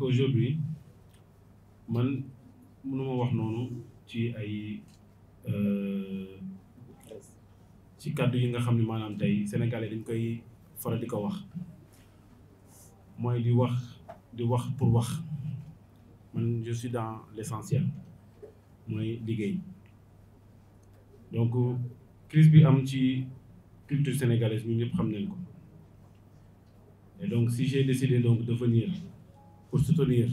qu'aujourd'hui man mënuma wax noonu ci ay euh, ci kàddu yi nga xam ne maanaam tey sénégalais dañ koy faral di ko wax mooy di wax di wax pour wax man je suis dans l'essentiel mooy liggéey donc crise bi am ci culture sénégalaise ñun ñëpp xam nañ ko donc si j'ai décidé donc de venir pour soutenir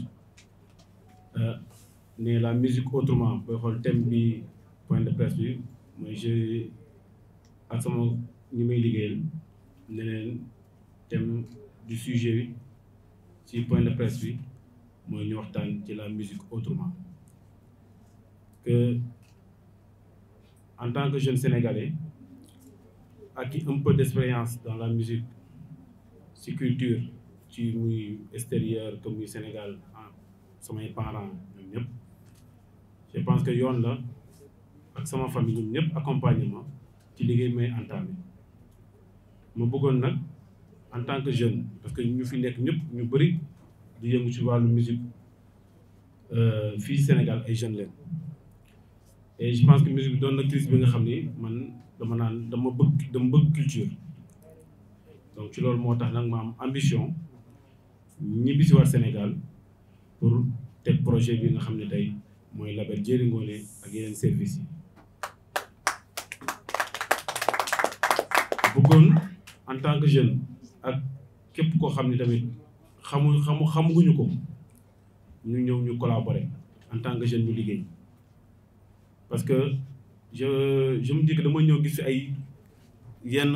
ne la musique autrement booy xool thème bi point de presse bi mooy je ak sama ñi may liggéeyal ne leen thème du sujet bi ci point de presse bi mooy ñu waxtaan ci la musique autrement que en tant que jeune sénégalais acquis un peu d'expérience dans la musique ci culture ci muy extérieur comme muy Sénégal ah, samay parents ñoom ñëpp je pense que yoon la ak sama famille ñoom ñëpp accompagnement ci liggéey may entamé ma bëggoon nag en tant que jeune parce que ñu fi nekk ñëpp ñu bëri di yëngu si wàllu musique euh, fii Sénégal ay jeunes leen et je pense que musique bi doon na crise bi nga xam ni man dama naan dama bëgg dama bëgg culture donc ci loolu moo tax nag ma am ambition ñibbisi waa Sénégal pour teg projet bi nga xam ne tey mooy label Jeri Ngoné ak yeneen service yi bëggoon en tant que jeune ak képp koo xam ne tamit xamu xamu xamuguñu ko ñu ñëw ñu collaborer en tant que jeune ñu liggéey parce que je je me dis que dama ñëw gis ay yenn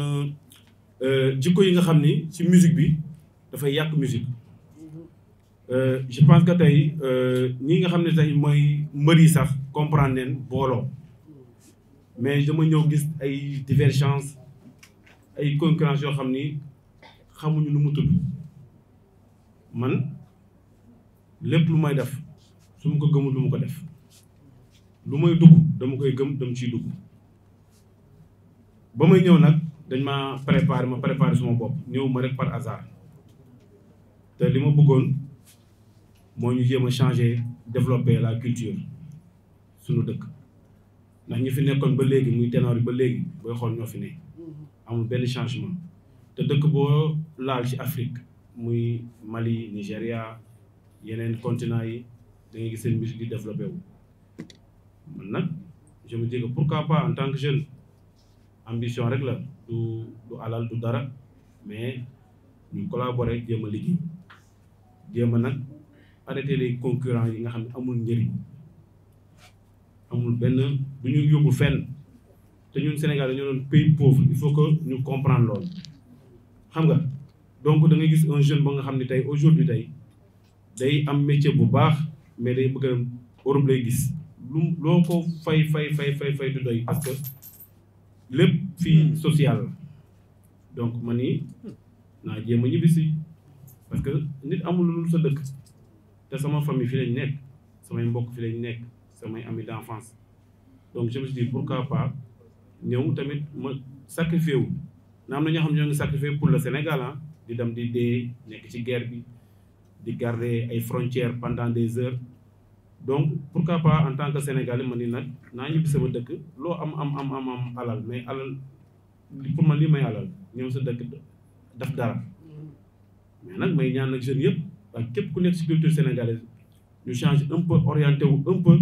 euh, jikko yi nga xam ni ci musique bi dafay yàq musique Euh, je pense que tey euh, ñi nga xam ne tey mooy mbër yi sax comprendre neen booloo mais dama ñëw gis ay divergence ay concurrence yoo xam ni xamuñu lu mu tudd man lépp lu may def su ma ko gëmul lu ma ko def lu may dugg dama koy gëm dama ciy dugg ba may ñëw nag dañ ma préparé ma préparé suma bopp ñëw ma rek par hasard te li ma bëggoon moo ñu jéem a changer développer la culture suñu dëkk ndax ñu fi nekkoon ba léegi muy ténor yi ba léegi booy xool ñoo fi ne mm-hmm. amul benn changement te dëkk boo laal ci Afrique muy Mali nigeria yeneen continent yi da ngay gis seen musique di développé man nag je me dis que pourquoi pas en tant que jeune ambition rek la du du alal du dara mais ñu collaborer jéem a liggéey jéem nag arrêter les concurrents yi nga xam ne amul njëriñ amul benn bu ñu yóbbu fenn te ñun Sénégal dañoo doon pays pauvre il faut que ñu comprendre loolu xam nga donc da ngay gis un jeune ba nga xam ne tey aujourd'hui tey day am métier bu baax mais day bëgg a dem Europe lay gis lu loo ko fay fay fay fay fay du doy parce que lépp fii hmm. social donc man naa jéem a ñibbisi parce que nit amul lu sa dëkk te sama famille fi lañ nekk samay mbokk fi lañ nekk samay amis d'enfance donc je me suis pour pourquoi pas ñëw tamit ma sacrifié wu na am na ñoo xam ne ñoo ngi sacrifié pour le Sénégal ah, di dem di dee nekk ci guerre bi di garder ay frontières pendant des heures donc pourquoi pas en tant que Sénégalais ma ni nag naa ñibbi sama dëkk loo am am am am am alal mais alal pour man lii may alal ñëw sa dëkk daf dara mm. mais nag may ñaan nag jeunes yëpp waaye képp ku nekk si culture sénégalaise ñu change un peu orienté wu un peu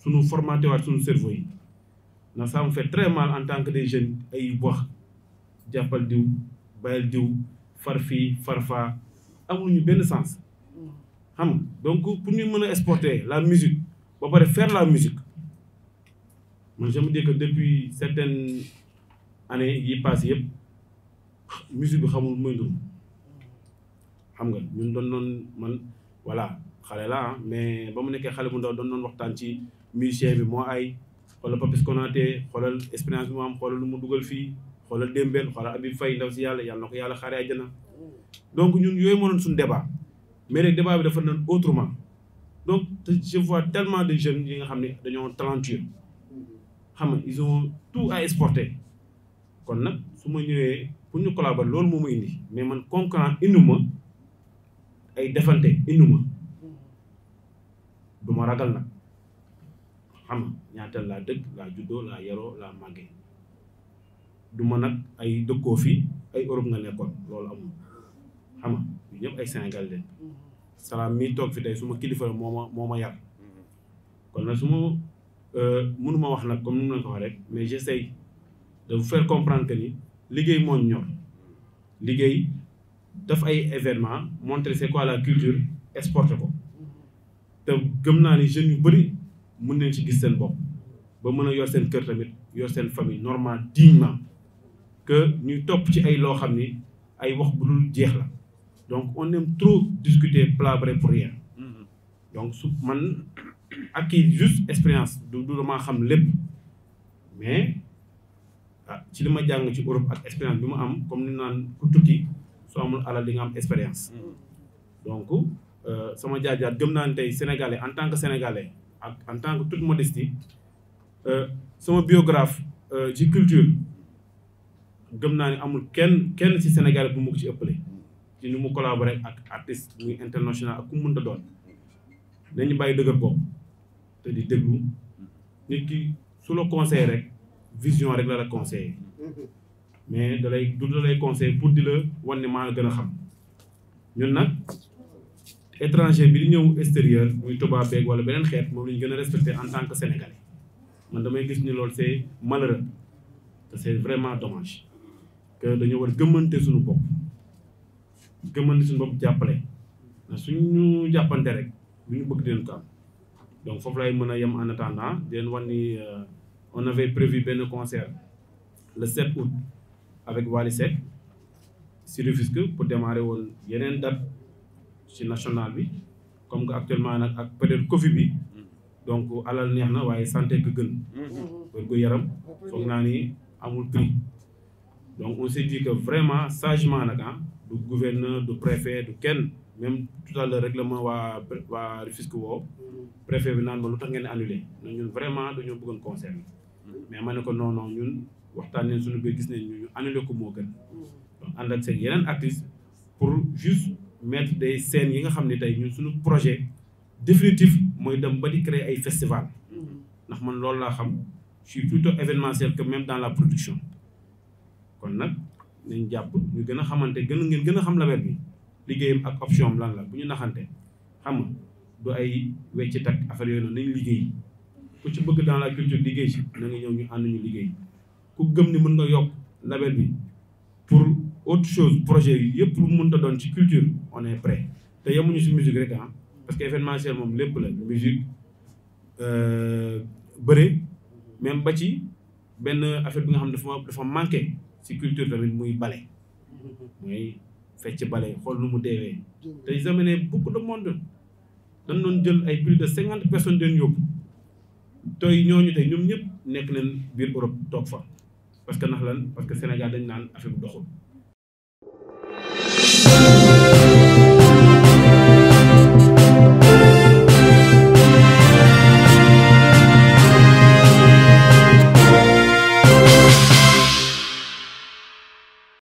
suñu formaté waat suñu cerveau yi na ça me fait très mal en tant que des jeunes ay wax jàppal diw bayal diw far fii far faa amuñu benn sens xam donc pour ñu mën a exporter la musique ba pare faire la musique man je me dis que depuis certaines années yi passé yëpp musique bi xamul mooy ndur xam nga ñun doon noon man voilà xale la mais ba mu nekkee xale bu ndaw doon noon waxtaan ci musicien bi moo ay xoolal Papis Konaté xoola expérience bi lu mu dugal fii xoolal Dembel xoolal Habib Faye ndaw si yàlla yàlla na ko yàlla xaaree na donc ñun yooyu moo doon suñu débat mais rek débat bi dafa doon autrement donc je vois tellement de jeunes yi nga xam ne dañoo talentueux xam nga ils ont tout à exporter kon nag su ma ñëwee pour ñu collaborer loolu moo ma indi mais man concurrent indi ay defante induma du ma ragal nag xam ñaatal laa dëkk laa juddoo laa yaroo laa màggee du nag ay dëkkoo fii ay Europe nga nekkoon loolu amul xam nga ñëpp ay Sénégal leen salaam mi toog fi tey su kilifa moo ma moo ma yar kon nag su ma euh, wax nag comme ni ma la ko rek mais j'essaie de vous faire comprendre que ni liggéey moo ñor liggéey def ay événement montrer c'est quoi la culture exporter ko te gëm naa ni jeunes yu bëri mën nañ ci gis seen bopp ba mën a yor seen kër tamit yor seen famille normal dignement que ñu topp ci ay loo xam ni ay wax bu dul jeex la donc on aime trop discuter palabrer pour rien donc su man ak kii juste expérience du du damaa xam lépp mais ah ci li ma jàng ci Europe ak expérience bi mu am comme ni naan ku tukki soo amul alal li nga am expérience. donc euh, sama jaar-jaar gëm naa ne tey sénégalais en tant que sénégalais ak en tant que toute modestie euh, sama biographe ci euh, culture gëm naa ni amul kenn kenn ci sénégalais bu mu ko ci ëppale. ci ni mu collaboré ak artiste muy international ak ku mu mënta doon nañu bàyyi dëgër bopp te di déglu nit ki su la conseillé rek vision rek la la conseillé. mais da lay du da lay pour di la wan ne maa gën a xam ñun nag étranger bi di ñëw extérieur muy tubaab beeg wala beneen xeet moom la gën a respecté en tant que sénégalais man damay gis ni loolu c'est malheureux te c'est vraiment dommage que dañoo war gëmmante suñu bopp gëmmante suñu bopp jàppale na suñu jàppante rek bu ñu bëgg di leen ko donc foofu lay mën a yem en attendant di leen wan ni euh, on avait prévu benn concert le 7 août avec Wally Seck si Rufisque pour démarrer woon yeneen date ci national bi comme que actuellement nag ak période Covid bi donc alal neex na waaye santé ko gën wérgu yaram foog naa ni amul prix donc on s'est dit que vraiment sagement nag ah du gouverneur du préfet du kenn même tout à la règlement waa waa Rufisque woo préfet bi naan ma lu tax ngeen annulé ñun vraiment ñu bëggoon concert mais ma ne ko non ñun waxtaan nañ suñu biir gis nañ ñu ñu ko moo gën mm. donc ànd ak seen yeneen artiste pour juste mettre des scènes yi nga xam ne tey ñun suñu projet définitif mooy dem ba di créer ay festival mm. ndax man loolu laa xam je suis plutôt événementiel même dans la production kon nag nañ jàpp ñu gën a xamante gën ngeen gën a xam label bi liggéeyam ak option lan la bu ñu naxante xam nga du ay wecc takk affaire yooyu noonu nañ liggéey ku ci bëgg dans la culture liggéey si na nga ñëw ñu ànd ñu liggéey ku gëm ni mën nga yokk label bi pour autre chose projet yi yëpp lu mën ta doon ci culture on est te yemuñu si musique rek ah parce que événementiel moom lépp la musique euh, bëre même ba ci benn affaire bi nga xam ne dafa dafa manqué si culture tamit muy bale mooy fecc bale xool lu mu deewee te ils amenaient de monde dañ doon jël ay plus de cinquante personnes den yóbbu tey ñooñu tey ñoom ñëpp nekk leen biir Europe toog fa parce que ndax lan parce que Sénégal dañ naan affaire bu doxul